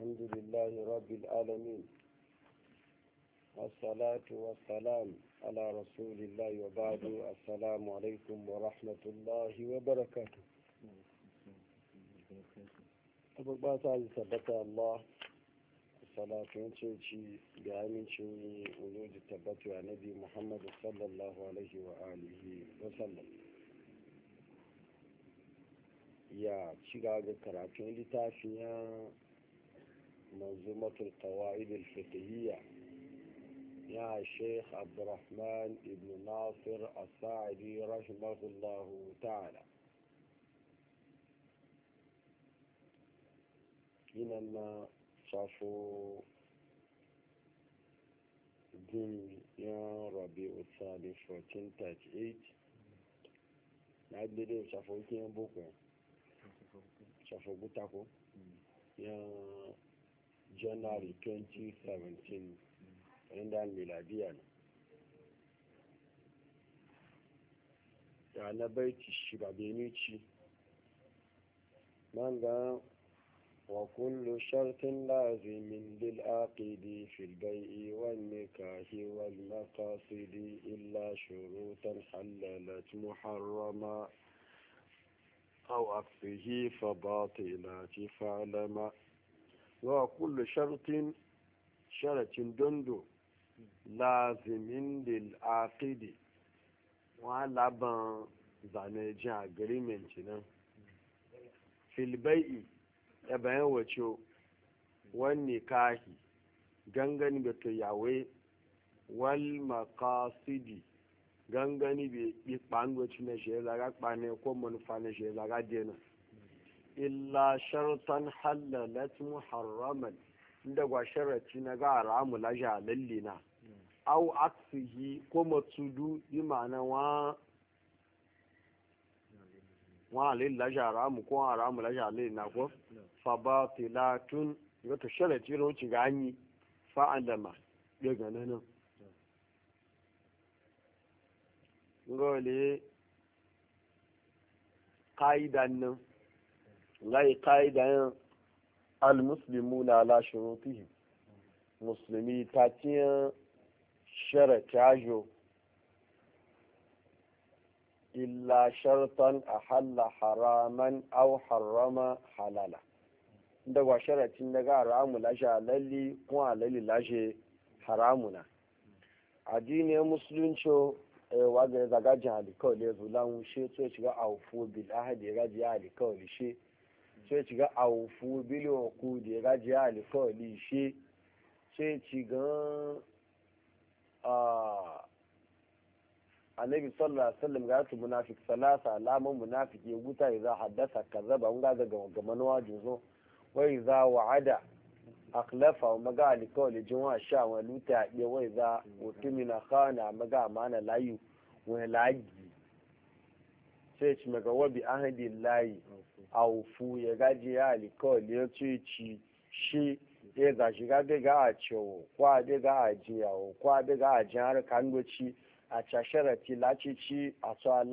الحمد لله رب العالمين والصلاة والسلام على رسول الله وبعد السلام عليكم ورحمة الله وبركاته أبو عزي ثبت الله الصلاة ونشيشي بعامل شوي ولود التبت عن نبي محمد صلى الله عليه وآله وسلم يا شيخ هذا كراتين لتافيا منظومة القواعد الفقهية يا الشيخ عبد الرحمن بن ناصر الساعدي رحمه الله تعالى كنا صفو دين يا ربيع الثاني 1438 لعد دي صفو كين بوكو صفو بوتاكو يا january 2017 rindar miladiya ne na baiti shiga benici man ga wa kullu shartin lazimin lil aqidi fil bai'i wal nikahi wal maqasidi illa shurutan halalat muharrama aw aqfihi fa batilati fa'lama wa kullu shartin sharatin dondo lazimin lil aqidi wa laban zane jin agreement nan fil bai'i ya bayan wacce wani kahi gangan da to wal maqasidi gangan bi bi wacce na je la ga ko mun na je la dena illa shartan halalat muharraman inda gwa sharaci na ga ramu la jalalli na au aksihi ko matsudu bi ma'ana wa wa alil la jaramu ko aramu la jalalli na ko fa batilatun ga to sharaci ro ci ganyi fa andama daga nan ngole kaidan nan ka'idan kaida yan almuslimuna ala shurutihim musulmi ta ciyan sharatajo illa shartan a halla haraman au harama halala inda wa sharatin da ga haramu lashe halalli kuma halalli lashe haramuna addinin musulunci wa ga zaga jihar alikawali ya zula shi to ya shiga a bil ahadi ya gaji ya alikawali shi sai ci ga awufu biliyon ku da ya gaji alifali she sai ci ga anabi ah, sallallahu alaihi wasallam ga tu munafik salasa alaman ya guta idza haddasa kazzaba mun ga ga ga manwa juzo wa idza wa'ada akhlafa maga alikawli jinwa sha wa luta ya wa idza utumina khana maga mana layu wa laji sai ci maka wabi ahadin layi a ufu ya gaji ya alikawali shi ya ga shi ga bai ga a cewo ko aji bai ga a jiyawo ko a bai ga a jihar kandoci a ca sharati laci ci a so a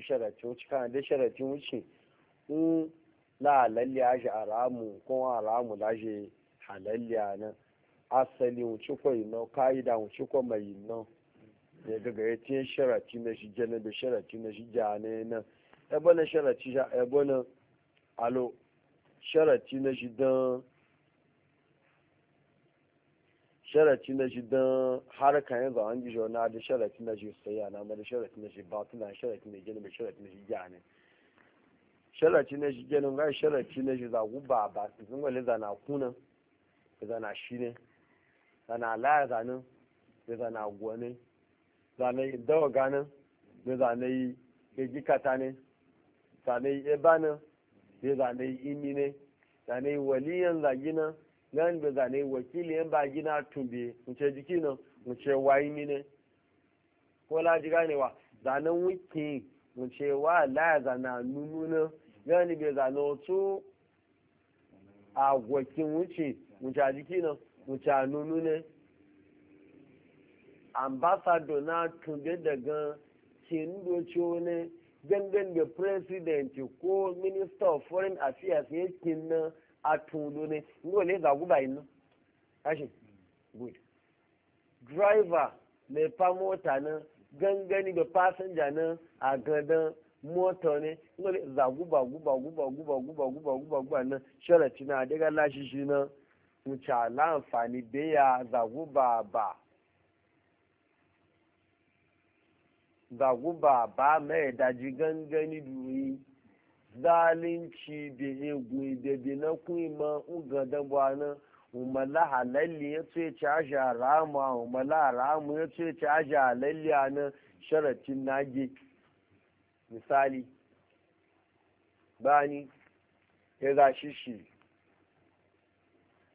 sharati wuce kan da sharati wuce in la halalli a shi aramu ko aramu la shi halalli asali wuce ino ka'ida mai ino. ya daga ya ce sharaci na shi jana da sharaci na shi jane na ebe na sharaci ya ebe na alo sharaci na shi don sharaci na shi don har yin zawon gizo na da sharaci na shi saya na ma da sharaci na shi batuna sharaci na jana da sharaci na shi jane sharaci na shi jana ga sharaci na shi zagu ba ba su sun wale zana kuna zana shi ne zana laya zanen zana gwanin zane dawa ganin da zane yi ya ne zane yi ebanin da zane yi imi ne zane yi waliyan zagina nan da zane yi wakiliyan bagina tumbe wuce jiki nan wuce wa imi ne ko laji ganewa zanen wiki wuce wa laya zana nunu nan gani bai zane otu a gwakin wuce wuce jiki nan wuce nunu ne ambassador na tunde daga kin doce wani gangan da president ko minister of foreign affairs ya kin na a tundo ne ngo ne ga guba yin ashin good driver mai fa mota na gangani da passenger na a gadan mota ne ngo ne za guba guba guba guba guba guba guba guba na sharati na daga lashi shi na mu cha la amfani da ya za guba ba zaguba ba mai daji gangani duri zalunci da egwe da bi na kuma uga da bwana umala halalli ya ce ci a harama umala haramu ya ce ci a halalli a nan sharatin nage misali bani ya za shi shi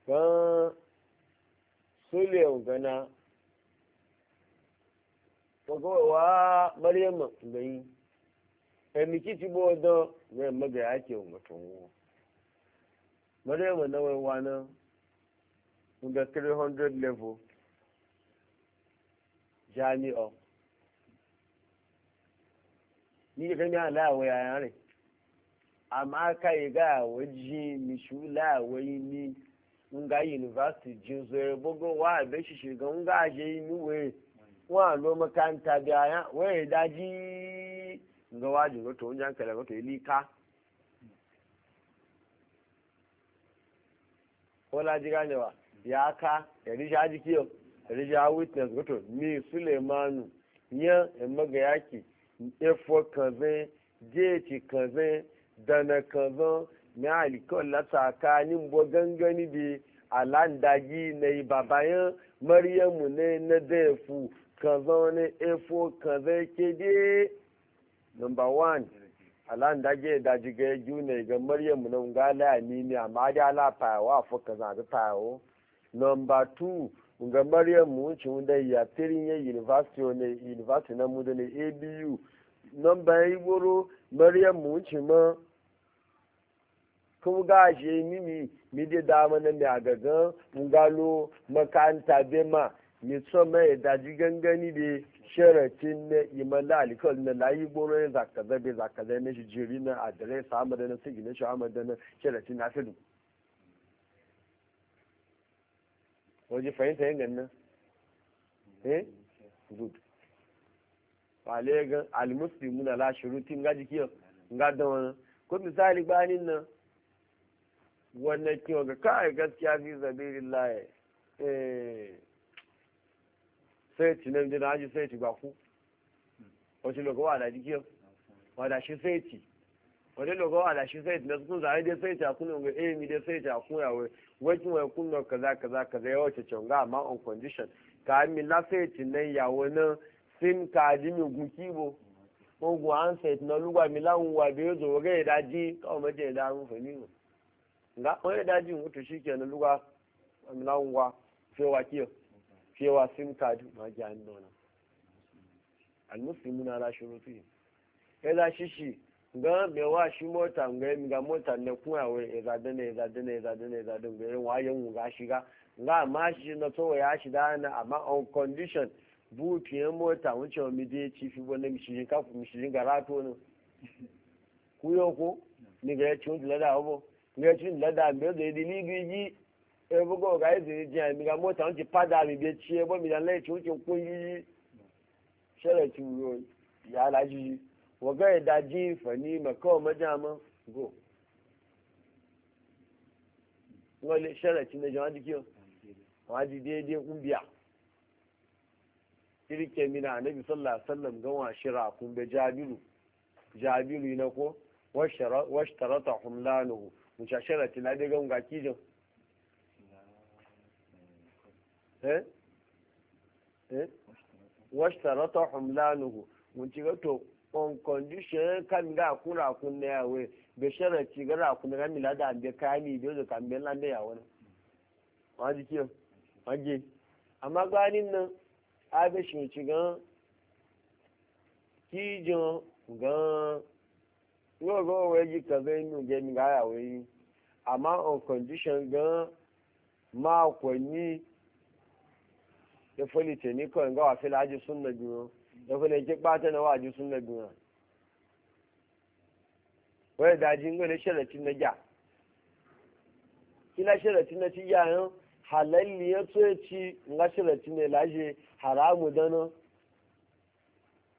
gan sule gana kogo wa maryam gai e miki ti bo do ne maga yake mutum maryam na wai wana ga 300 level jami'o ni ga ni ala wa ya ne amma kai ga waji mi shula wai ni nga university jin zo bogo wa be shi ga nga je ni we wọn lo makaranta biya ya yi daji ga wajin wato wajen kala wato ilika wala ji wa ya ka ya risha jikiyo ya risha witness wato e e ni sulemanu yan emaga yaki efo kanzan jeeci kanzan dana kanzan na alikon lata kanin bo gangani bi alandaji na ibabayan maryamu ne na defu kaza wani efo kaza ke de number one alan da ge da ji ga ju ne ga maryam na ngala ni ne amma da ala pa wa fo kaza ga pa o number two ga maryam mu ci unda ya tirin ya university ne university na mu da ne abu number yi goro maryam mu ci ma kuma ga shi mimi mi da dama na mi a gagan ngalo makanta bema mitso mai daji gangani da sharatin na imala alikol na layi goro ya zakaza bai zakaza na shi jiri na adres amada na sigi na shi amada na sharatin na fidu waje fahimta yin ganna eh good wale gan almuslimu na la shurutin ga kiyo ga da wani ko misali banin nan wannan kiyo ga kai gaskiya fi sabilillah eh sai ci na jina haji sai ci gbaku wacce logo wa da jikiyar wadashi sai ci wani da shi sai ci na sukun zai dai sai ci a kunan ga emi dai sai ci a kuna wai wakin wai kunan kaza kaza kaza ya wace ga ma on condition ka mi na sai ci nan ya wani sim ka ji mi guki bo ogun handset na lugba mi láwọn wà bí yóò zòwò gẹ́yẹ̀ dájí káwọn méjì yẹn dáhùn fún nga na lugba mi láwọn wà fi wá kí ọ́. cewa sim card ma ji an dona almuslimu na shi rufi ya za shi shi ga me wa shi mota ga mi ga mota ne kuma wa ya eh, za dane eh, ya zade dane eh, ya zade dane ya zade dane ga wa yan ga shi ga ma shi na to ya shi da na amma on condition bukiyan mota wuce wa mi ya ci fi wani mishirin kafu mishirin ga rato ne ku ko ni ga ya ci lada abu ni ga ci lada be da ni bi ji ebugo ga izini jiya mi ga mota on ti pada mi be chi ebo mi da le chi o ti kun yi sele ti ro ya la ji wo ga e da ji fani ma ko ma ja ma go ngo le sele ti ne jo adi ki o wa di de de kun biya kirke mina annabi sallallahu alaihi wasallam ga wa shira kun be jabiru jabiru ina ko wa shara wa shtarata humlanuhu mushashara tilade ga ngakijin Eh? Eh? washtarata humlanuhu mun ci gato on condition kan ga kura kun ne yawe be sharati ga ra kun ga milada be kani be zo kan be lan da yawo ma ji ki ma ji amma ganin nan a be shi ci ga ki jo ga yo go we ji ka be nu ge mi ga yawe amma on condition ga ma ko ni ya fali ce ni kawai ga wafi laji sunna biyu ya fali ki bata na waji na biyu Wani daji ngo ne sharatin na ja kila sharatin na ci ya han halalli ya ya ci nga sharatin ne laji haramu dano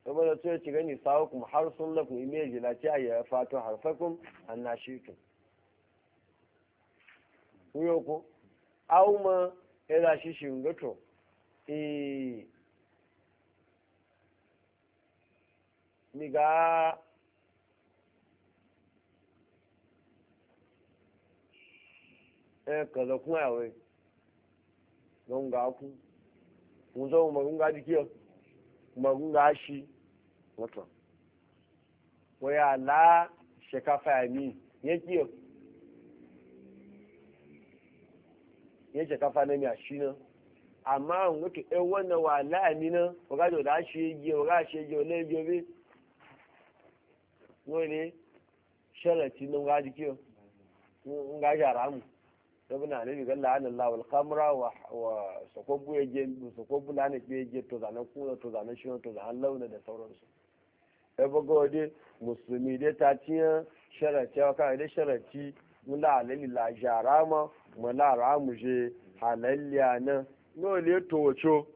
kuma da ya ci gani har sawukum harsun lakum imeji la ci ya fatu harfakum annashikum kuyo ko auma ila shi shingato eh niga ga eh kaza kuma yawe don ga ku mun zo mu ga dikiyo mu ga shi wato waya la shekafa ya mi yake yake kafa na mi a shi Ama àwọn òkè ẹwọ́ náà wà láàmì náà ọ̀gájọ́ ọ̀dà ṣe wa ọ̀gá ṣe igi ọ̀lẹ́ igi ọbẹ̀ wọ́n lè ṣẹlẹ̀ tí ní ọ̀gá dìkì ọ̀gá yàrá mu lọ́bùn náà lẹ́yìn kan láàánú láwọn kámúrà wà sọ̀kọ́bù ẹ̀jẹ̀ sọ̀kọ́bù lánàá pé ẹ̀jẹ̀ tòzànà kúnà da sauransu ẹ̀fọ́gọ́ ọdẹ mùsùlùmí dé ta tiẹ́ ṣẹlẹ̀ tí ọkàn ẹ̀dẹ́ ṣẹlẹ̀ tí ńlá àlẹ́ lè la yàrá mọ́ mọ́ láàrá mu no le tocho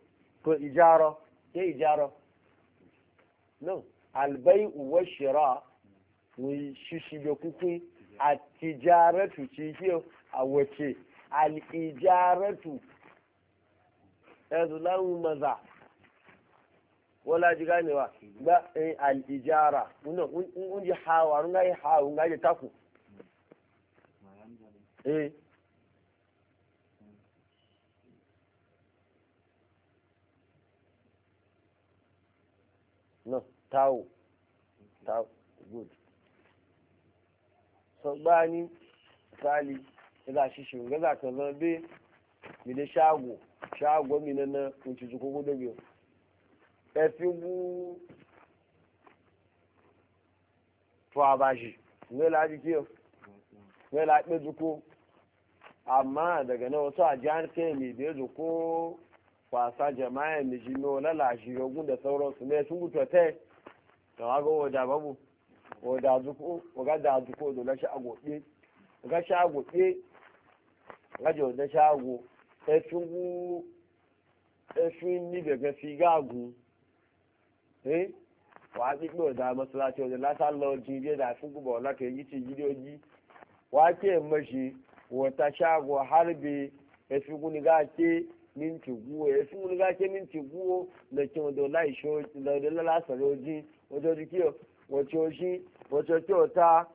to ijaro ke ijaro no albai wa shira ni shishi da kuku a tijaratu ci ke a wace al ijaratu ezulamu maza wala ji ganewa ba e, al ijara wannan un ji hawa run ga yi hawa run ga yi taku eh tawo tawo good so gbani misali za shi ga za ka zama be mi da shago shago mi na na kunci zuko gudu biyu ẹfi wú fún abáṣì nílá jíkí ọ nílá pé zuko amma daga náà wasu a jihar kemi da ya zuko kwasa jama'a mai jino na lashe ogun da sauransu ne sun gutu ta tawaga wajen babu wajen zuko wajen da zuko da na shago ɗe ga shago ɗe e e ga je wajen shago ẹ̀sùn wú ẹ̀sùn níbẹ̀ kan fi gáàgùn ẹ́ wàá pípẹ́ ọ̀dà mọ́sálásí ọ̀dà lásán lọ di ilé ẹ̀dà fún gbogbo ọ̀la kẹ̀yìn ti yí lójí wàá kí ẹ̀ mọ̀ṣe wọ̀ta ṣáàgùn àhárẹ̀bẹ̀ ẹ̀sùn wú ni gáà ké ní ntìgbú ẹ̀sùn wú ni gáà ké ní ntìgbú lọ́kẹ́ ọ̀dọ̀ láìṣọ́ lọ́dọ̀ lásán lójú. wato jiki wato shi wato kyauta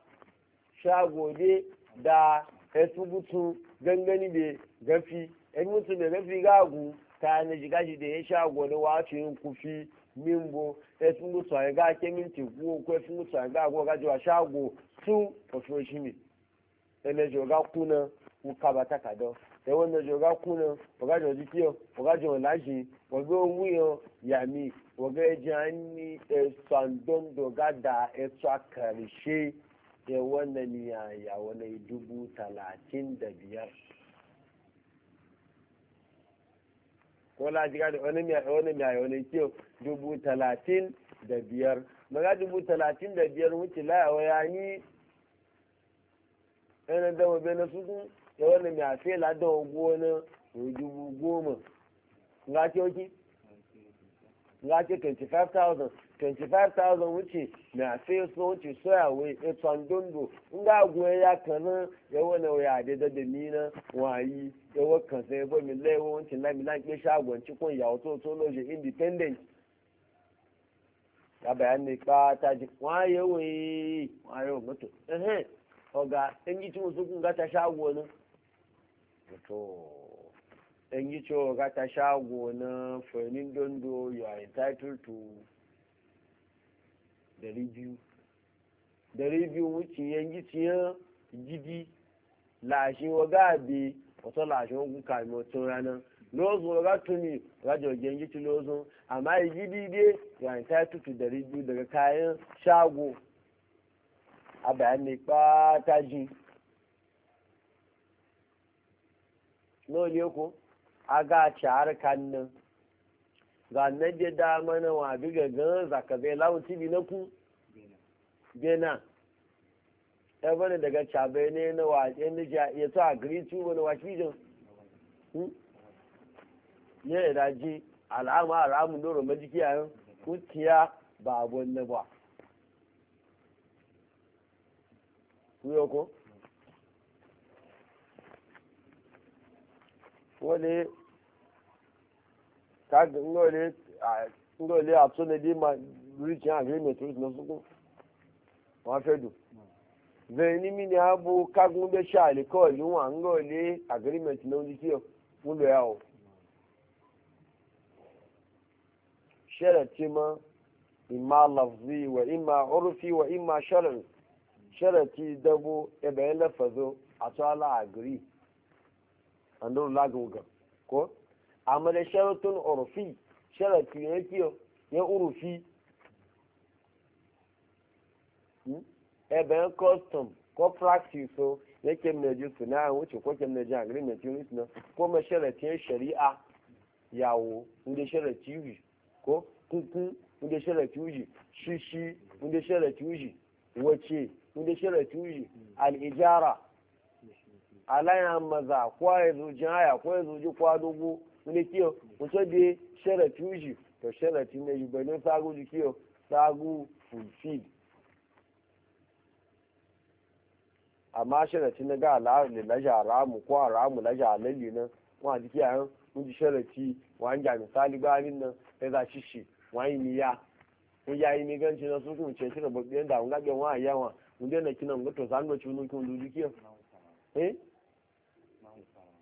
shagode da hasubutu gangani bai gafi esu mutu bai gafi gagu ta na jiga shi da ya shagode wato yin kufi mimbo hasubutu a ga kemin teku ko hasubutu a ga ga jiwa shago su wato shi ne ɗan da kuna ku kaba takadar ẹ̀wọ̀n náà jọ̀gá kúnná ọ̀gájọ̀ jíjẹ́ ọ̀gájọ̀ láṣẹ ọ̀gá wúyọ yàmi ọ̀gá ẹja ní ẹ̀sọ́ àdóńdọ̀gádà ẹ̀sọ́ àkàrìṣe ẹ̀wọ̀n náà ní àyàwó náà dubu talatin da biyar. wala jiga da wani ya wani mai wani dubu talatin da biyar maga dubu talatin da biyar wuce laya waya ni ɗan da wabe na da na mai afe ladan ogo na dubu goma nga ce oki nga ce 25,000 25,000 wuce mai so wuce soya wai etan dondo nga gwe ya kana ya wani waya da da wayi ya mi wuce na milan ke shagon cikon ya wato to loje independent ya bayan ne ka ta ji to dan yi cewa ga ta shago na fernin dondo you are entitled to dari biyu dari biyu wuce yanki tiyan gidi lashin waga abi wato lashin ogun kami wato rana lozun ga tuni rajo gengi ti lozun amma gidi dai you are entitled to dari biyu daga kayan shago a bayan ne lole ko a ga ciyar kannin ga da dama na wa biga gan zaka zai lawon tibi na ku bena ya bane daga cabe ne na wa yan nija ya to agree to wani wa kijin ya hmm? yi daji al'ama al'amun doro majiki a yan kutiya ba abun na ba ku ko wale kaga ngole ma reach agreement with no suku wa fedu ve ni mi ni abu kagun be shale ko ni wa ngole agreement no ti ya ma imma lafzi wa imma urfi wa imma shar'i sharati dabu ebe lafazo atala agiri. annon lagun ga ko amma da sharatun urfi sharatu ne kiyo ya urfi ebe custom ko practice so yake mna ji suna wuce ko kemna ji agreement unit na ko ma sharatin shari'a yawo inda sharati yuji ko kuku inda sharati yuji shishi inda sharati yuji wace inda sharati yuji al-ijara alaya maza kwa ya zuji haya kwa ya zuji kwa dogo wani kiyo mutu da shara tuji to shara sharafi na yi banin sagu ji kiyo sagu fulfil amma shara sharafi na ga ala'arli laja ramu ko ramu laja alalli nan wa jiki a yan mun shara ti, wa an jami salibanin nan ya za shi shi wa yi niya mun yayi ni ganci na su kun ce shi da babbiyan da mun gaɓe wa yawa mun daina kinan ga to zan ga cunu kun dudu kiyo eh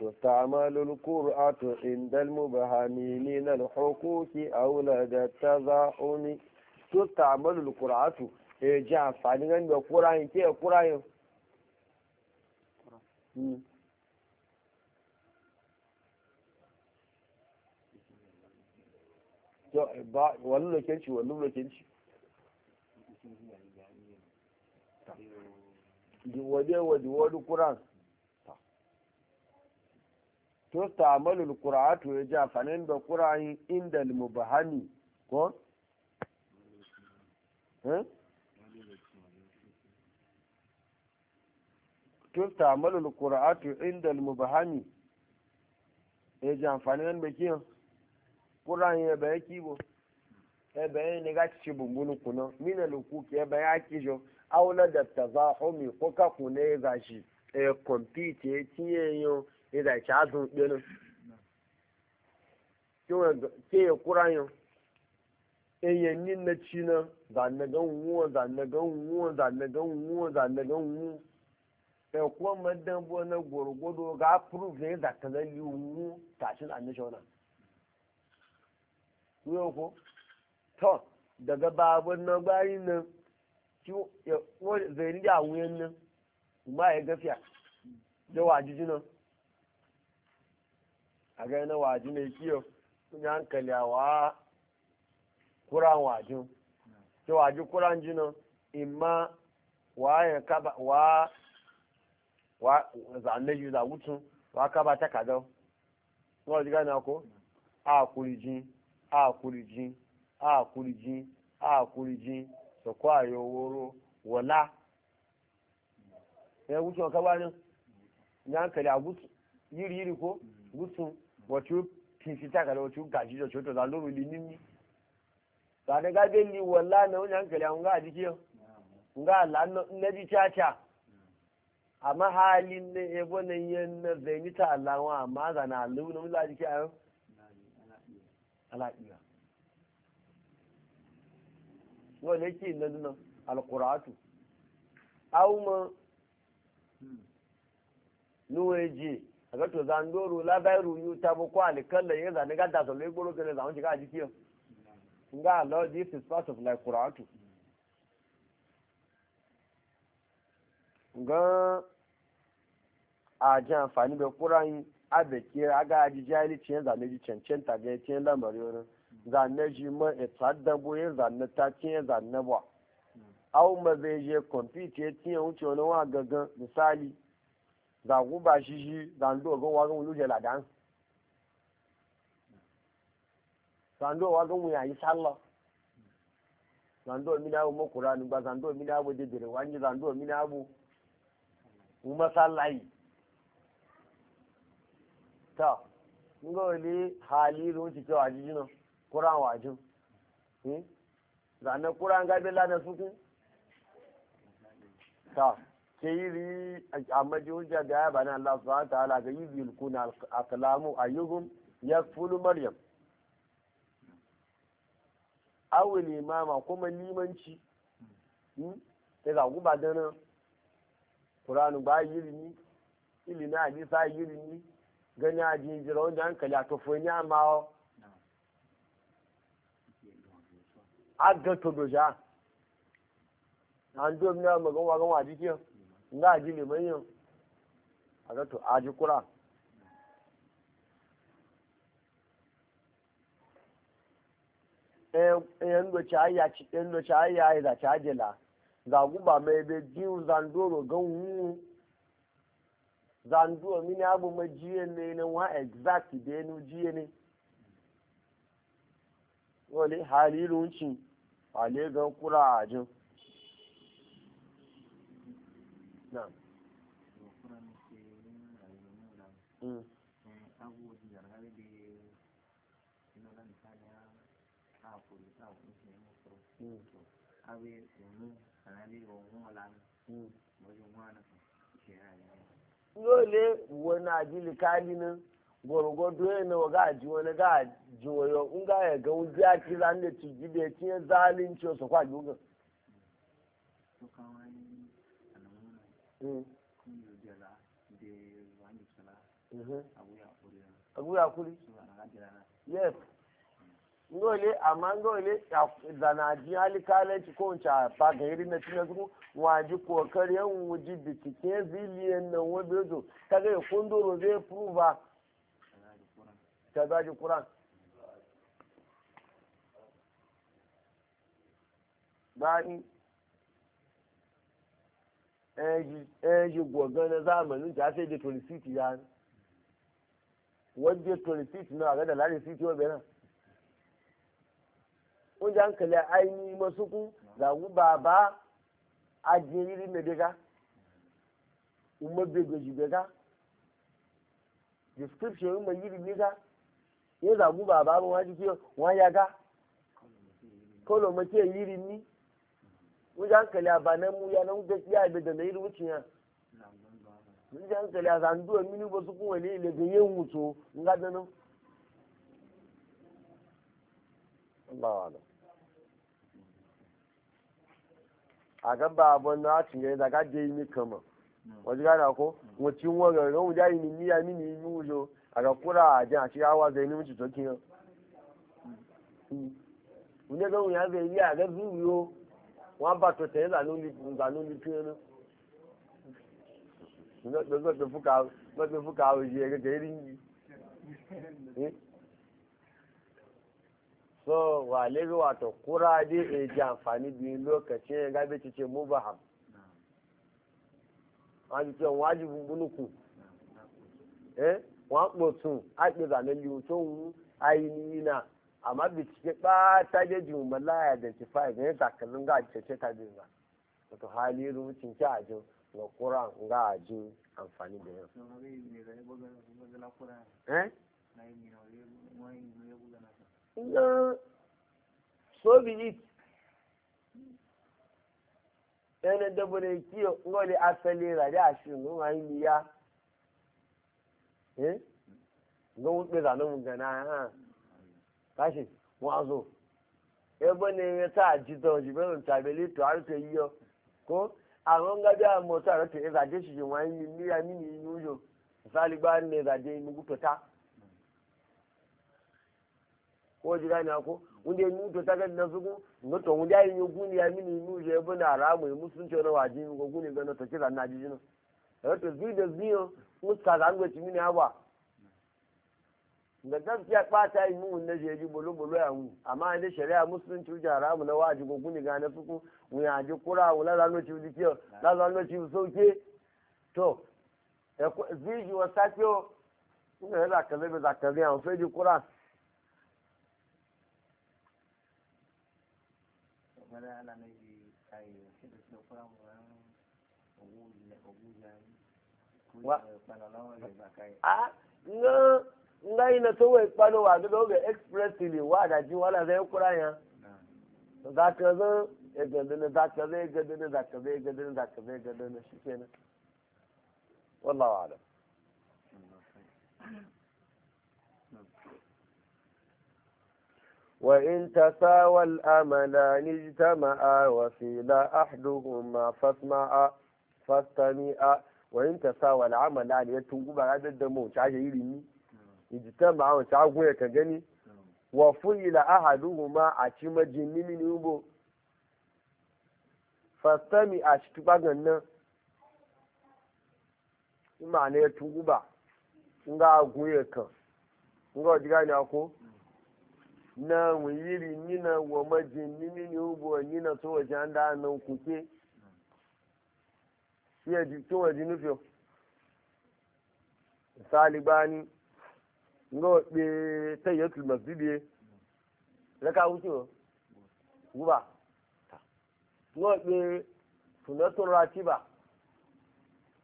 تستعمل القرآة عند المبهم من الحقوق أو لدى التزاحم تستعمل القرآة جاء فعلنا بقرآن كي قرآن wani lokenci wani lokenci waje waje wani kuran to tamalul qura'atu ya ja fanin da qura'in inda mubahani ko eh to tamalul qura'atu inda mubahani ya ja fanin da kiyo ya bai kuno mina luku ke bai aula da tazahumi ko ka kune e ne da ci azun ɗinin ke ya kura yin eyan na ci na zanagan wuwa wuwa wuwa wuwa ya buwa na gwargwado ga proof ne da annashi ko to daga babun na bayin nan zai ni wuyan nan ma ya gafiya da wajiji a ga na waji ne kiyo kun ya hankali wa kuran wajin to waji kuran jinan imma wa ya kaba wa wa zanne yu da wutun wa kaba ta kada no diga na ko a kurijin a kurijin a kurijin a kurijin so ko ayo woro wala ya wutun kaba ne ya hankali a yiri yiri ko gutun wọ́n wọ̀tú kì í fi tákàlẹ̀ gà jíjọ tí ó tọ̀tà lórí lè níní sàdéga dé ní wọ̀ lánà ó yàn kẹlẹ̀ àwọn gáàdì kí ọ nga lánà nẹ́bí tíátíá àmọ́ ha lè ní ẹbọ́ ní yẹn ní bẹ́ẹ̀ làwọn àmọ́ àgbà náà lówó ní wọ́n kí ọ. alákìlá wọ́n lè kí ìnáwó náà alukuraatu awuma nuwe jie. aga to zan doro la bai ruyu ta bo kwa kala ye ga da to le gboro kele zan ji ga ji kiyo nga lo this is part of like quran too nga a ji amfani da ƙurayin abeke aga aji jahili ce zane ji ta ga ce lamari wani zane ji ma ita e dabo yin zane ta ce zane ba au ma zai je kwamfuta tiye wuce wani wa gangan misali zagu ba shi shi zando gan wa gan wulu zando wa gan mu yi sallah zando mi na mu qur'ani ba zando mi na bu jidire wani zando mi na bu mu masallai ta ngo li hali ru ci to ajiji no qur'an wa ju hmm zanda qur'an ga be la na ta a amadi hujja da ya bani Allah subhanahu ta'ala ga yuzi kuna aqlamu ayyuhum yakfulu maryam awul limama kuma limanci ta hmm? ga guba dana Qur'an ba na ilimi sa yirini gani a jira wanda hankali a tofoni amma a ga to doja an domina magan wagan wa jikiyar nga ji liman yin a ga to kura yan eh, eh, doce ayya yan doce ayya ya zace ajila za guba mai be jiwu zandoro gan wu zandoro mini abu ma jiye ne na wa exact da yanu jiye ne wani halilunci ale gan kura a ajin نعم مم. Mm. Mm. dole wani ajili kali nan gwargwado yana wa gaji wani gaji wayo in ga ya ga wuzi a kira da ci gibe ci ya zalunci wasu kwaji wugan Mm. Mm-hmm. abuya kuri yes ngole amma ngole zanaji halikalanci ko na waji kokari yan wuji bitike ziliyan nan wabe zo ta ga zai kuran ẹ̀yìn gbọ̀ngàn ní zamani ní ìjà ṣe èdè twenty six yá ni wọ́n dé twenty six náà àgádà láti six wọ́n náà wọ́n jà ń kẹlẹ̀ àìní mọ́sókún làwọn bàbá ajínrírí mẹ́dẹ́ká umagbègbèjì bẹ́ká description ọmọ yìí bẹ́ká yẹn làwọn bàbá wọn wá sí wọ́n yá ká kọ́lọ̀ mọ́tí ẹ̀yìn rí ni? wuce hankali a ba nan ya nan wuce ya ibe da na yi ya wuce hankali a zandu a mini ba su kuma ne ile yin wuto in ga wa a na cin gani da je kama wajen gana ko wacin wajen ran wuce yi ni ya mini yi a ga kura a jan a cikin awa zai ni hmm. Wunye ga zai yi a ga wọ́n bá tó tẹ̀lé ìlànà tí ó ná lọ́gbẹ́ fúkà òye ẹgbẹ̀rẹ̀ rí yìí so wà kúrá dé èjì àǹfààní bí gábé títí wọ́n ti wọ́n á jù wọ́n tún á ayé amma bincike ɓata da juma laya da ci fa ga ta kallon ga cece ta bi ba wato hali ki ajo na kura ga ajo amfani da yau eh na so bi ene dabore kiyo ngole asali ra da shi ya eh ngo mutbe gana ha kashi wọn zo ebe ne ya ta jito jibe mun tabele to har ta yiyo ko àwọn ga da mo ta ra te za je shi wọn yi ni ya ni ni yujo misali ba ne za je mu to ta ko jira ne ko unde ni to ta ga da zugu no to unde ayi ni guni ya ni ni yujo ebe na ara mu mu sun to na waji ko guni ga no to kira na na jijino e to zui da zio mu ta ga ngwe ti mi ne awa da gaskiya ɓata yi mun na jeji bolo bolo ya wu amma da shari'a musulunci wuce haramu na waji ko kuni ga na suku mu ya ji kura wu la zanu ci wuce la zanu ci sauke to ziji wa sakyo ina ya zakare bai zakare ya wuce ji kura wa a nga ngai na to wai kwano wa ga ga expressly wa da ji wala zai kura ya za ka zo ya ganda za ka zai ganda za ka zai ganda za ka zai ganda ne shikenan wallahu a'lam وإن تساوى الأملان اجتمعا وصيل أحدهما فاسمعا فاستمعا وإن تساوى العملان يتوقع هذا الدمو ijitama awon ta gun ya kan gani wa ila ahaduhuma a ci majin nimi ni ubo fastami a ci tuba gannan ima ne tuguba nga gun ya kan nga ojiga ni ako na wuyiri nina wa majin nimi ni ubo nina to wajen da nan kuke iya to wajen nufin misali bani ngo be tayyatul masjid la raka wuce guba ngo be sunnatul ratiba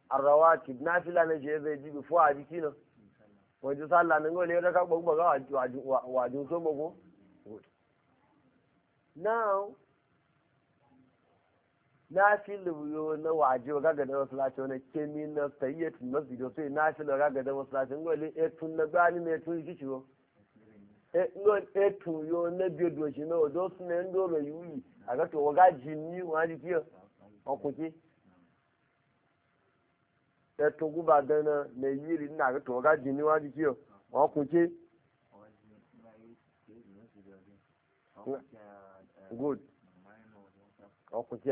arrawatib nafila na je zai ji before a jiki nan waje sallah nan gole da ka gbagba ga wajin so mago now na fi lubuyo na waje wa gaga da masallaci wani kemi na sayyati masjid wasu na fi lubuyo ọga da masallaci ngole etun na gani mai tun shi ciwo e, ngole etun yo na biyo doshi na odo su na ndo ro yuli a ga to waga wa ji okunki etun guba dana na na ga to waga wa ji okunki good okunki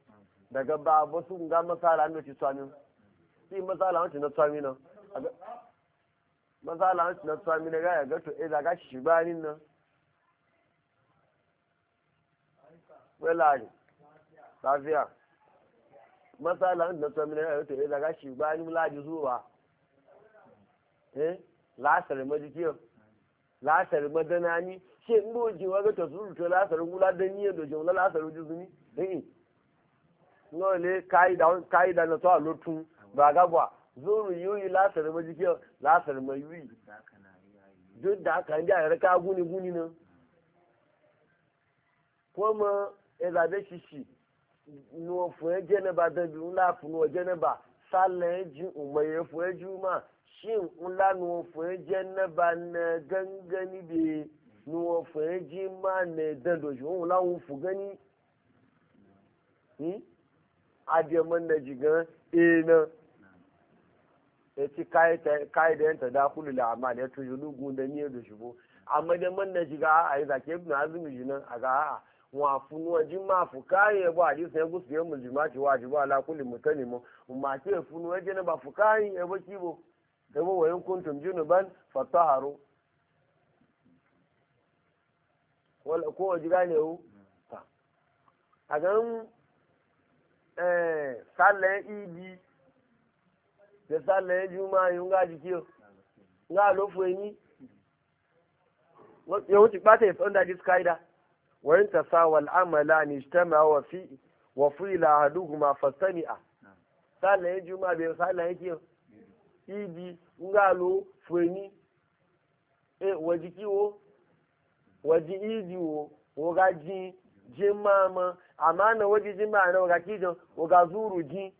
daga ba wasu nga masala ne ci tsami si masala ci na tsami nan masala ci na tsami na ga ya ga to eh daga shi ni nan welari lafiya masala ci na tsami na ga ya to eh daga ni laji zuwa eh lasar majikiyar lasar ni shi in wa ga ta surutu lasar gula don yi dojewa lasar wujuzuni eh náà lé káyidá náà tó à ló tún gbàgàgbà zoro yóò yí lásìrìmọ jíjẹ lásìrìmọ yìí yóò dá kàndí àyẹrẹ ká gúnigúni náà wọn mọ ẹzàdé ṣiṣì ní wọn fún ẹ jẹnẹba dẹbi ńlá fún wọn jẹnẹba sálẹ ẹjì ọmọye fún ẹjì mà ṣì ńlá ní wọn fún ẹ jẹnẹba nà gángan níbi ní wọn fún ẹjì mà nà dẹdọjú òun láwọn fún gani. adiyaman na jigan ina ya ci ka'idayen ta dakulu la'amal ya tuju lugu da niyyar da shigo amma da man na jiga a yi zake ibn azumi jinan a ga a wa funuwa jin ma fu kayan ba hadisi ya gusu yan muljima ci wa mu ala kulli mutalimu umma funu funuwa na ba fu kayan ya ba kibo da ba wayan kuntum junuban fataharu wala ko wajiga ne wu a ganin sallan idi da sallan juma yi nga jiki o nga lofo ni ya wuce bata ya tsanda ji suka ida ta yin tasawal amala ni ijtama wa fi wa fi la haduhuma fastami'a sallan juma be sallan yake idi nga lo fweni eh, wa jiki wo wa ji wo wo ga jin je mama amma na waje je mama na kijo o ga zuru ji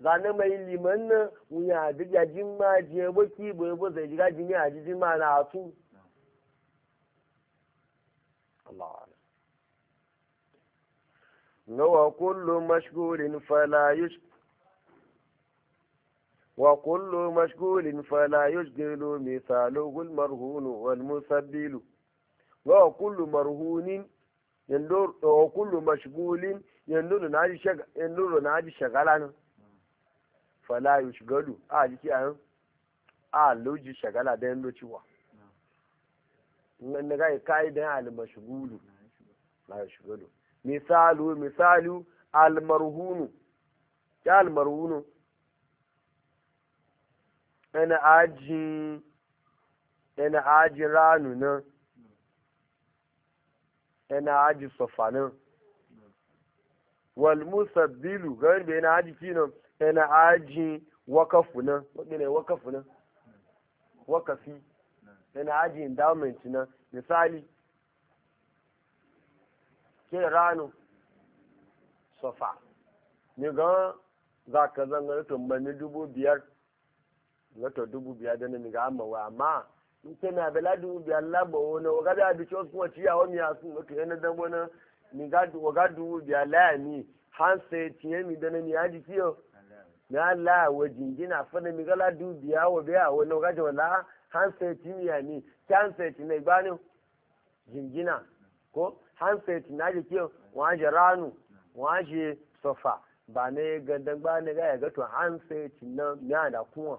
zane mai liman na wuya diga ji ma ji bo boye bo bo zai diga ji a ji ji na atu Allah wa kullu mashgulin fala yush wa kullu mashgulin fala yushgilu misalu gul marhunu wal musabbilu wa kullu marhunin yanzu kullu mashgulin yanzu na ji yanzu na ji shagala nan fala yushgalu a jiki a yan a loji shagala da yanzu ciwa wanda ga kai da al mashgulu la yushgalu misalu misalu al marhunu ya al marhunu ana ajin ana ajin ranu nan yana aji sofanin wal bilu gari da yana aji finan yana aji wakafunan wadda wakafunan wakafi yana aji endowment nan misali ke rano sofa ni gan za ka zanga to mani dubu biyar zato dubu biyar da ni ga amma wa amma nke na beladu bi alabo na ogada abi cho kuma ci yawo mi asu o ke na dan bona mi gadu ogadu bi alani hanse tiye mi dan mi aji kiyo na la wajin gina fana mi gala du bi awo bi awo na ogada wala hanse ti mi ani hanse ti na igbanu jingina ko hanse ti na ji kiyo wa je ranu wa je sofa ba ne gandan ba ne ga ya ga to hanse ti na mi ada kuma.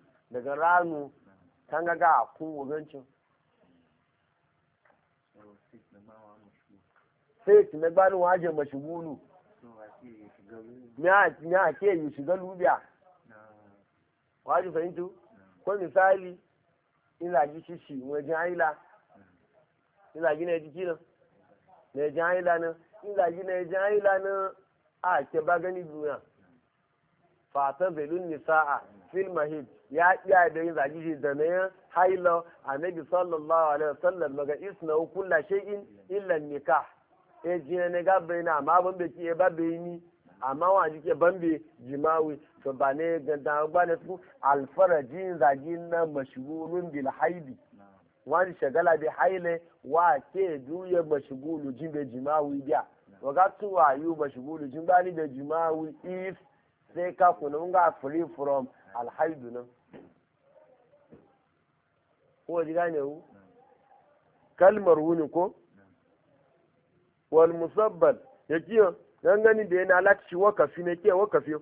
daga ranu kan gaga a kun wugancin sai ki na bani waje mashigulu ya ke yi shiga lubiya waje fahimtu ko misali ina ji shishi wajen haila ina ji na jiki nan na ji haila nan ina na haila nan a ke ba gani duniya fatan belun nisa'a fil mahid ya iya da yin zagiji da na yin hailo nabi sallallahu alaihi wasallam daga isna kulla shay'in illa nika e jina ne ga bai na amma ban ki e ba bai ni amma wa jike ban bai jimawi to ba ne ga da ba ne su alfaraji zagi na mashghulun bil haidi wani shagala bi haile wa ke juye mashghulu jin bai jimawi biya tu wa yu mashghulu jin ba da jimawi if sai ka kuna mun ga free from alhaidu nan ko ji gane hu kalmar wuni ko wal musabbal ya kiyo dan gani da yana lati wakafi ne ke wakafi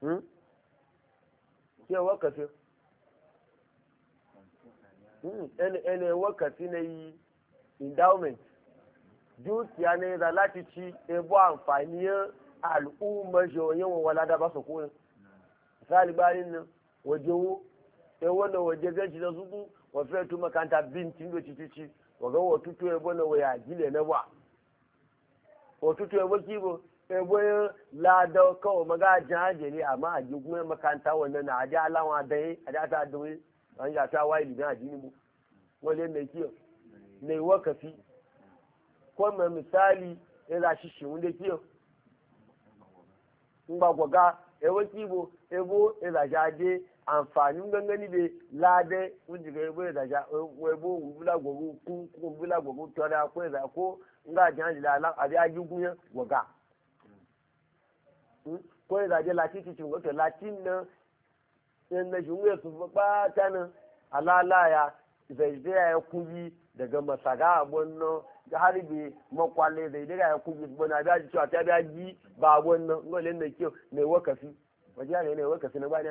hmm ke wakafi hmm ene ene wakafi ne yi endowment dukiya ne da lati ci ebo amfani al'umma joyin wala da ba su koyin misali bayanin nan waje wo sai wannan waje ganci da zuku wa fiye tu makanta bintin da cikici wa ga wa tutu ya bane waya ya gile na ba wa tutu ya baki ba ya bane lada kawo maga jaje ne amma a ji kuma makanta wannan na aji alawa da yi a da ta adawai an ya ta wayi ligan ajini mu wani mai kiyo mai wakafi ko mai misali ya zashi shi wanda kiyo in ba gwaga ya waki bo ebo ezaja de àǹfààní gangani be lade unjiga ebo ezaja ebo ngula gogo ku ngula gogo tora ko eza ko nga janji la la abi ajugunya goga hmm? ko ezaje lati ti chungo to lati na yan na jungo su ba ta na alala ya zaibe ya kuyi daga masaga abonno ga har bi makwale zai daga ya kuyi bona abi aji to abi ji ba abonno le na kiyo me wakafi wajen yanayi ne wai ka sinu bani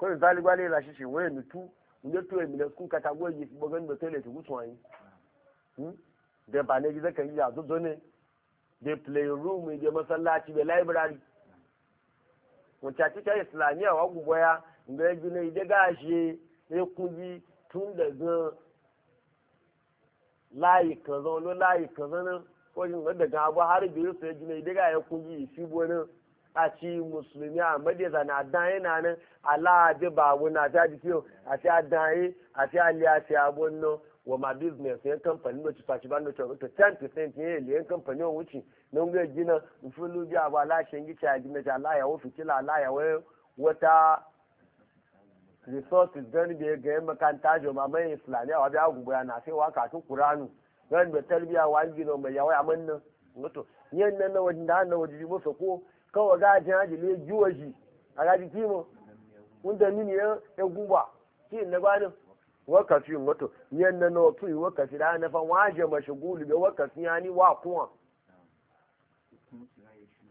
kawai zali gwale la shi shi wai mutu inda to ya mila kun kata goyi ba gan da tele tugu gusu wani hmm? da ba ne gida kan yi a zuzo ne da play room da masallaci da library wacce ci ta islamiyya wa gugoya inda ya gina ide gashe ya kuzi tun da zan layi kan zan lo layi kan zan nan ko yin daga abu har biyu sai gina ide ga ya kuji shi bonan a ci musulmi a zane na dan na nan ba babu na ta ji kiyo a ta dan a ta liya ta abunno wa ma business yan kamfani da ci fashi ban da to 10% ne le yan kamfani won wuci nan ga gina fulu bi aba la shengi a gina ta la wofi kila la ya wata resources don da ga yan makanta jo ma mai islamiya wa bi gugu yana sai wa kasu kuranu. don gani da tarbiya wa gina mai yawai amanna wato yan nan na wajen da na wajen musu ko kawai ga jin haji ne juwa shi a gaji kimo wanda nini ya guba shi na gwanin wakafi wato yan na nawa yi wakafi da hannafa fan waje mashigulu da wakafi ya ni wa kuwa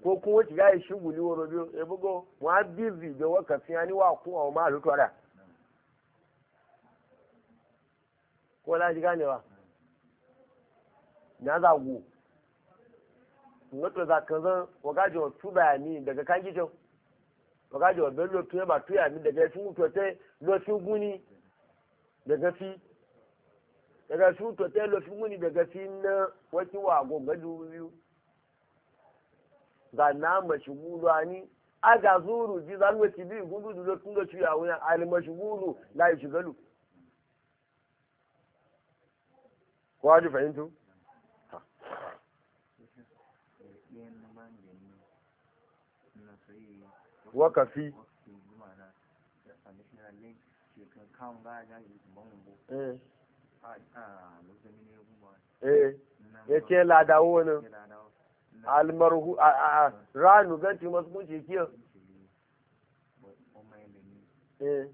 ko kuma shiga ya guli wa rabiyo ya e bugo wa bizi da wakafi ya ni wa kuwa wa ma lutwara ko la shiga ne wa na zagu za mọ́tò zakanzan wọ́gájọ́ túbà ni daga kájíjọ́ wọ́gájọ́ bẹ́ẹ̀ lo tuya ba tuya ni daga fún mutu lọ lo fi guni daga fi daga fún mutu lọ lo fi guni daga fi ná wọ́n ti wà gọ̀gọ́dù wíwú. zanna mashigulu ani ga zuru ji zanwe ti bi gundu lo tun tuya wuya al mashgulu la yashgalu ko aji fahimtu wakafi eh, eh, ya ce ladawo wani almarhu a ranu ganci masu kunshi kiyar eh,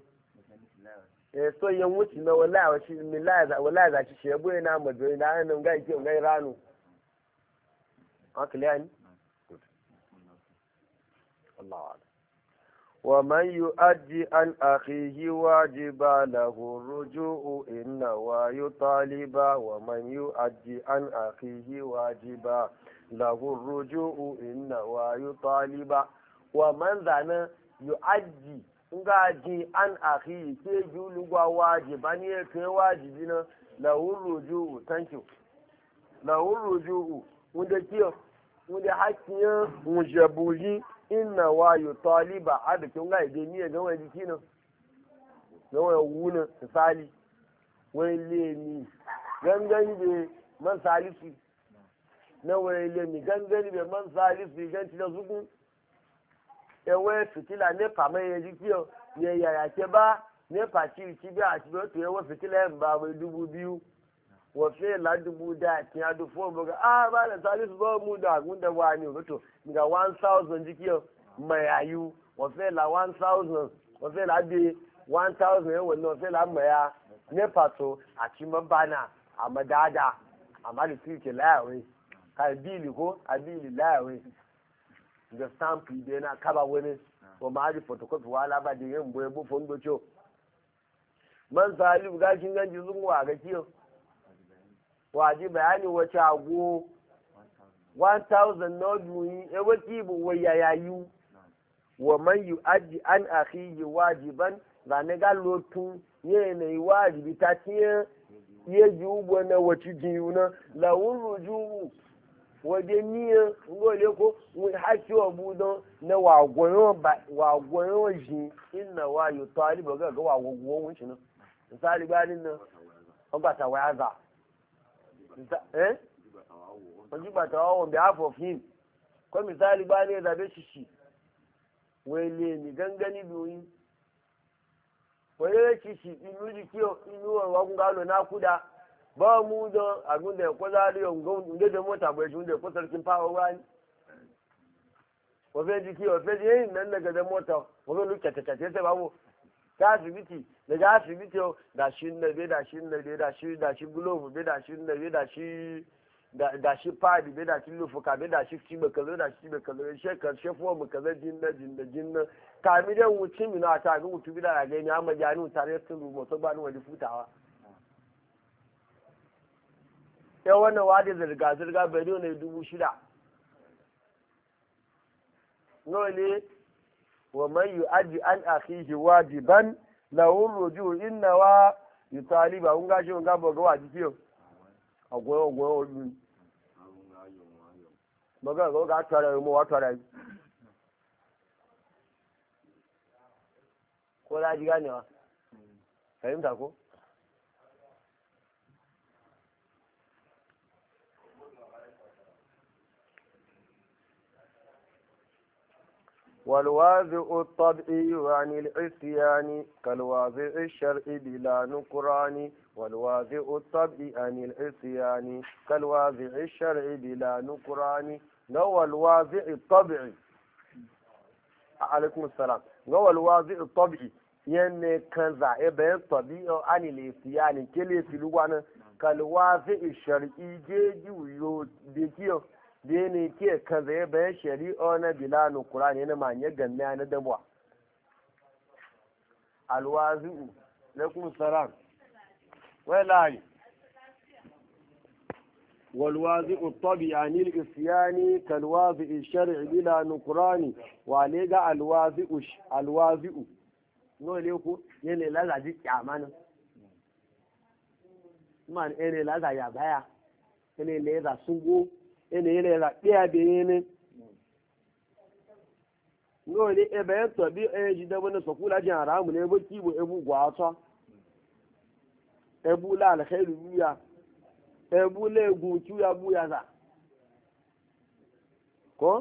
eh so yan wuce na wallahi wace wallahi za ki shi yabo yana majoyi na hannun gai kiyar gai ranu a kiliyani? Allah wa ومن يؤدي عن أخيه واجبا له الرجوع إن ويطالبا ومن يؤدي عن أخيه واجبا له الرجوع إن ويطالبا ومن ذن يؤدي ngaji an akhi ke julugwa wajiba ne ke wajibi na lahun thank you lahun ruju'u wanda kiyo wanda hakkin wujabuji inna wa yu taliba hada kin ga ide ni ga wani jiki nan ga wani wuna misali wani lemi gangan be man salisi na wani lemi gangan be man salisi ti da zuku ewe fitila ne pama ye jiki o ne ya ke ba ne pa ci ci bi a ci bi o to ewe fitila en ba dubu biyu wafe ladubu da kin ya dufo mu ga ah ba da salisu ba mu da gun da wani wato ga 1000 jikiyo mayayu wafe la 1000 wafe la bi 1000 yawa no wafe la maya ne pato a cikin bana a madada amma da tuke ka e bili ko a bili layawe da stamp ide na kaba wani wa ma ji photocopy wala ba da yin e boye bu fondo cho man salisu gashin ganji zunwa ga kiyo waji bayani wace ago 1000 na juyi eh, waki bu waya yayu wa man yu aji an akhihi wajiban ga ne ga lotu ye ne wajibi ta tiye ye ji ugbo na wace jiyu na lawun ruju waje niyan le ko don na wa budon na wagoyon ji inna wa yu talibu ga ga shi na misali gbanin na an ba ta za. eh onígbà tàwa wọ̀ behalf of him kọ́ misali bá ní ẹ̀dá bẹ́ ṣiṣì wọ́n lè ní gángan níbi oyin inu lè inu inú di kí inú ọ̀rọ̀ ọkùnrin kan lọ náà kúdà bọ́ọ̀ mú dán àgúndẹ̀ ẹ̀kọ́ sáré ọ̀gbọ́n ǹdẹ́dẹ́ mọ́ta bọ̀ ẹ̀ṣin ẹ̀kọ́ ta asibiti da ga asibiti da shi da be da shi da be da shi da shi glove be da shi da be da shi da shi padi be da shi lufuka be da shi cibe kazo da shi cibe kazo she kan she fuwa mu kazo jinna jinna jinna ka mi dan wuci mi na ta ga wutu bi ga ni amma jani re sun rubo to ba ni wani futawa ya wannan wadi zirga zirga bai ne dubu shida nawa ne wa man yu'addi an akhihi wajiban lahu ruju inna wa yutaliba un gashi un gabo ga waji kiyo agoyo agoyo oju baga go ga tare mu ko ko والواضع الطبعي عن العصيان كالواضع الشرعي بلا نكران والواضع الطبعي عن العصيان كالواضع الشرعي بلا نكران نوى الواضع الطبعي alaikum salam ga walwazi tabi yanne kan zaɓe bayan tabi'o ani le siya ne kele filuwa nan kalwazi shar'i jeji wuyo de kiyo bene ke ka zai bayan shari'a na bilanin kura ne na manyan ganna na dabuwa alwazi'u na kuma saran wai lari walwazi utobi anil isyani kalwazi ishari ibila nukurani wa ne ga alwazi ush alwazi u no ne ku ne ne laza ji kyamani man ene laza ya baya ene ne za sugu ene yele la kpe abe yene ngo ni ebe to bi e kula jan ara mu ne bo ti bo ebu gwa to ebu la al khairu biya ebu le gun tu ya bu ya za ko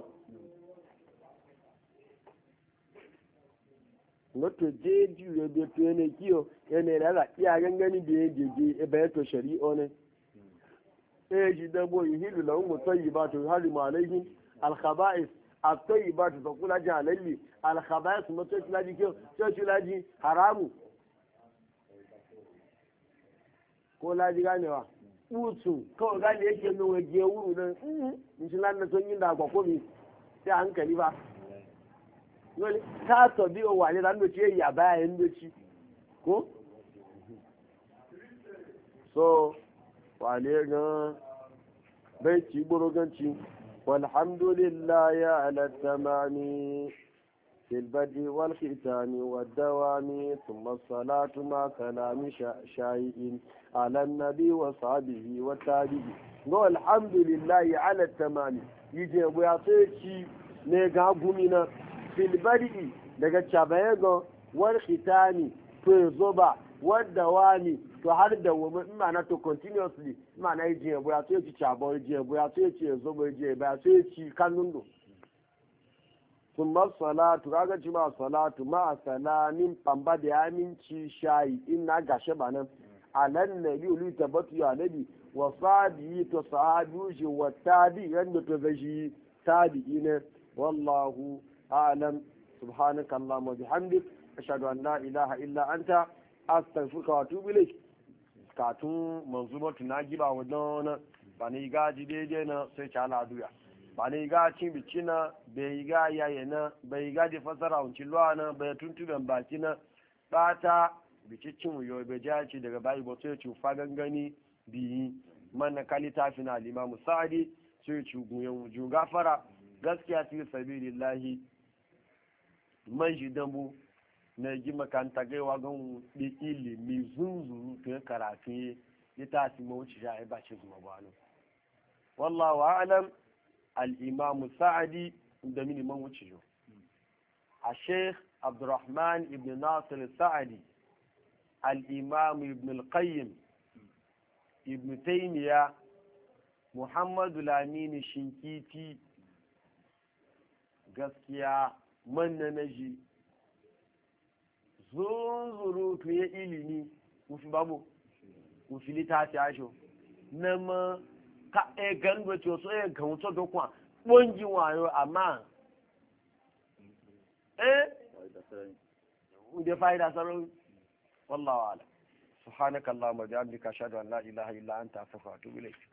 lọ́tọ̀ déédìí rẹ̀ bẹ̀ tó ẹni kí ọ ẹni rẹ̀ là kí agẹ́gẹ́ níbi èdè ebe ẹ̀tọ́ ṣẹ̀rí ọ́nẹ́. sai shi dabo yuhilu lahum at-tayyibatu harimu alaihim al-khaba'is at-tayyibatu fakula jalalli al-khaba'is mutai laji ke sai laji haramu ko laji ganewa utu kawai gane yake nuna je wuru nan in shi lan son yin da kwakwami sai hankali ba wani ta tabi o wale da ndoci yayi a baya ndoci ko so wale gan baiti buruganci walhamdulillahi ala tamami fil badi wal khitami wad dawami thumma salatu ma kalami shayin ala nabi wa sahbihi wa tabi'i go alhamdulillahi ala tamami yije bu ya te ki ne ga gumina fil badi daga chabaye go wal khitami pe zoba wad dawami to har da wumi in ma'ana to continuously in ma'ana yi jiya buya to yaci cabo yi jiya buya to yaci yanzu bai jiya buya to yaci kannun do sun ma salatu kaga ci ma salatu ma salamin bamba da aminci shayi in na gashe ba nan na nabi ulu tabbatu ya nabi wa sadi to sahabu shi wa tabi yanda to gashi tabi ne wallahu a'lam subhanakallahumma bihamdik ashhadu an la ilaha illa anta أستغفرك wa إليك katun manzumatu na giba wa dona ba ne ga ji daidai na sai ci ala duya ba ne ga cin bici na bai ga yaye na bai ga ji fasara wanci luwa na bai tuntuben baki na bata bici cin wuyo bai ja ci daga bayi ba sai ci fa gangani biyi mana kalita na limamu sa'adi sai ci guyen wuju gafara gaskiya fi sabilillahi man shi dambu na yi makanta gaiwa gan ɗi ilimi zunzuru ta karafi ya ta si mawuci ya ba ce zuma gwano alam al’imamu sa'adi da mini man wuce yau a sheikh abdurrahman ibn nasir sa'adi al ibn al-qayyim ibn taymiya muhammadu lamini shinkiti gaskiya man na zunzurutu ya ilimi wufi babu wufi litafi ajo na ma ka e gangwe ti o e gan to do kwa wa yo ama eh de faida saro wallahu ala subhanakallahumma bihamdika ashhadu an la ilaha illa anta astaghfiruka wa atubu